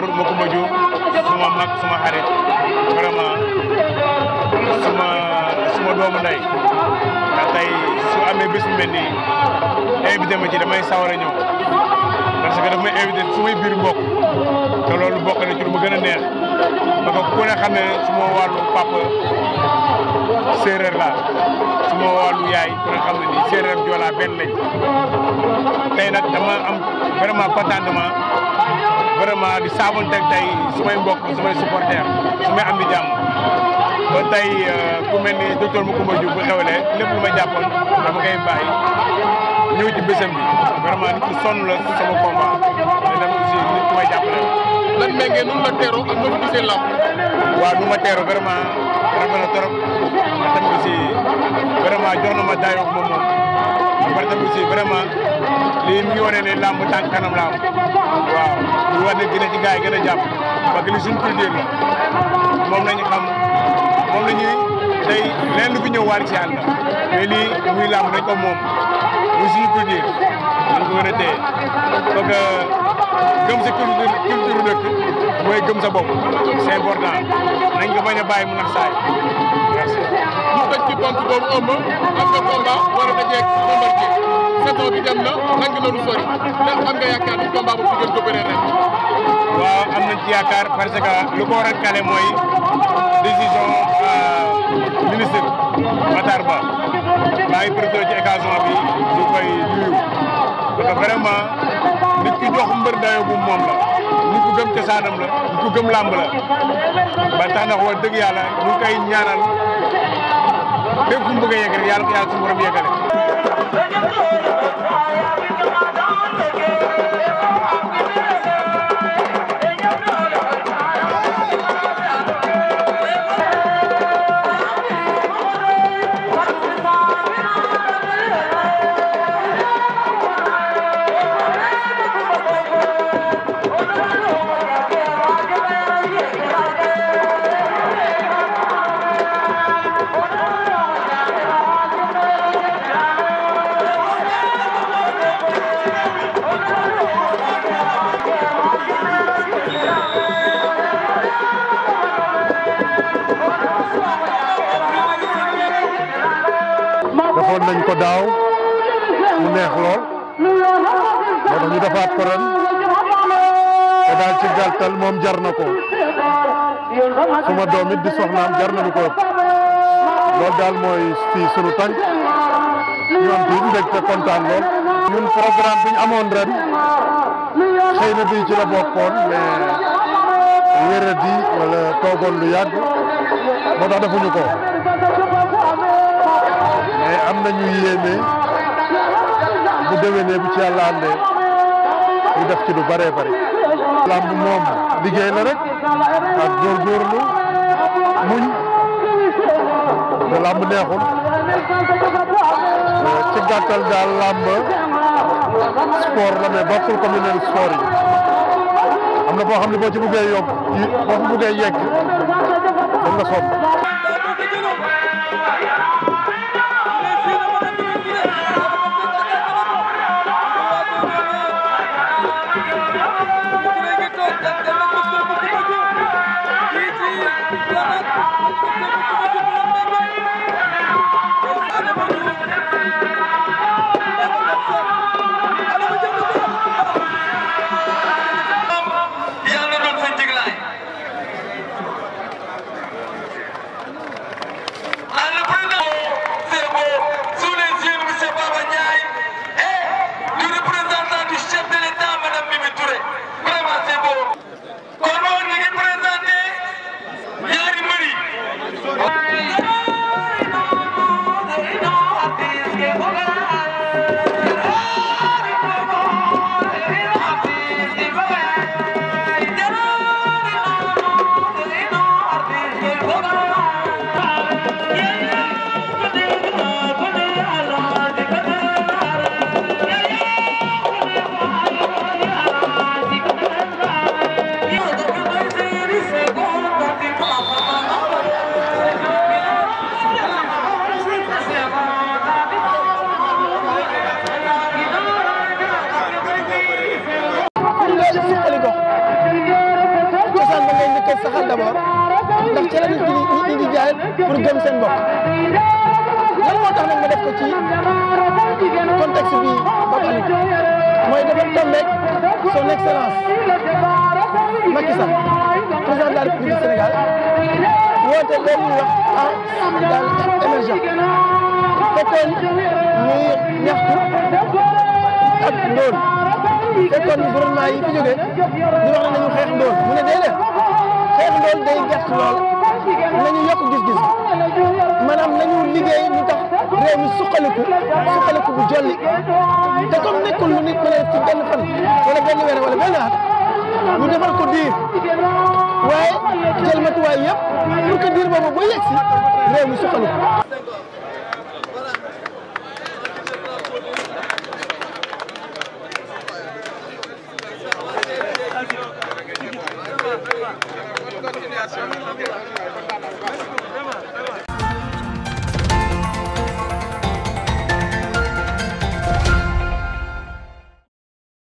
docteur Macoumba Diouf suma mag suma xarit vraiment suma doomu ndey ndax tey su amee bés bu mel nii invité ci damay sawar a ñëw parce que daf may invité sumay biir mbokk bokk na ci gën a neex parce que ku ne xam ne suma wàllu papa séeréer la suma wàllu yaay ku ne xam ne nii séeréer joolaa benn lañ nag dama am vraiment contentement vraiment di saabonteeg tey su may mbokk su may supporter su may am di jàmm ba tey euh, ku mel ni docteur Macoumba Diouf bu xewlee lépp lu ma jàppoon dama koy bàyyi ñëw ci bésam bi vraiment nit ku sonn la sama combat te dem aussi nit ku may jàppale lan méngee nun la teeroo ak noo gisee lamb waaw nu ma teeroo vraiment rafet na trop ma tam aussi vraiment jox na ma daayoo moom moom barta bu berapa lima li mi woné né lamb tan kanam la waaw ñu wone gëna ci gaay gëna japp ba gëna suñu tuddé ni mom lañu xam mom lañu tay lén lu fi ñëw war ci yalla mais li muy lamb nañ ko gëm sa culture culture dëkk mooy gëm sa bopp c'est important nañ ko bañ a bàyyi mu nax saay merci. ñu tëj ci ponk boobu ëmb am na combat war a dajeeg Bombardier saison bi dem na nang na lu sori ndax am nga yaakaar ni combat boobu di gën ko bëree a kale ministre Matar Ba maa ngi profité ci occasion bi ñu koy nuyu parce que vraiment nit ku jox mbër dayoo bu moom la nit ku gëm cosaanam la nit ku gëm làmb la ba tax na wax dëgg yàlla ñu koy ñaanal bépp fu mu bëgg a yegg rek yàlla ko yàlla suñu borom yeggale defon nañ ko daw mu neex lol mo do ñu dafaat ko ren ko dal ci galtal mom jarnako suma doomi di soxna am jarnako ko lol dal moy fi suñu tan ñu am biñu dëgg ta contane lol ñun programme biñu amone ren xeyna bi ci la bokkon mais yéré di wala togon lu yag mo tax defuñu ko am nañu yéene bu déwénee bu ci yàlla àndee ñu def ci lu bëree bëri. làmb moom liggéey la rek ak góorgóorlu muñ te neexul ci gàttal daal làmb sport la mais bokkul comme yeneen sport yi am na boo xam ne boo ci buggee yóbbu ci buggee yegg da nga sopp rajo suqali gox cosaan ba ngay njëkk a saxal d'abord ndax ca la nit ñi di jaay pour gëm seen bopp lan moo tax nag ma def ko ci contexte bi ba pare mooy dafa tombé son excellence Macky Sall président de la République du Sénégal woote loolu ñuy wax en daal émergent fekkoon muy ñaxtu ak ndóol fekkoon gouvernement yi fi jógee di wax ne nañu xeex ndóol mu ne déedéet xeex ndóol day gàtt lool nañu yokk gis-gis maanaam nañu liggéey lu tax réew mi suqaliku suqaliku bu jolli te comme nekkul lu nit mën a def ci benn wala benn weer wala benn at ñu defal ko diir waaye jël matuwaay yëpp pour que diir boobu ba yegg si réew mi suqaliku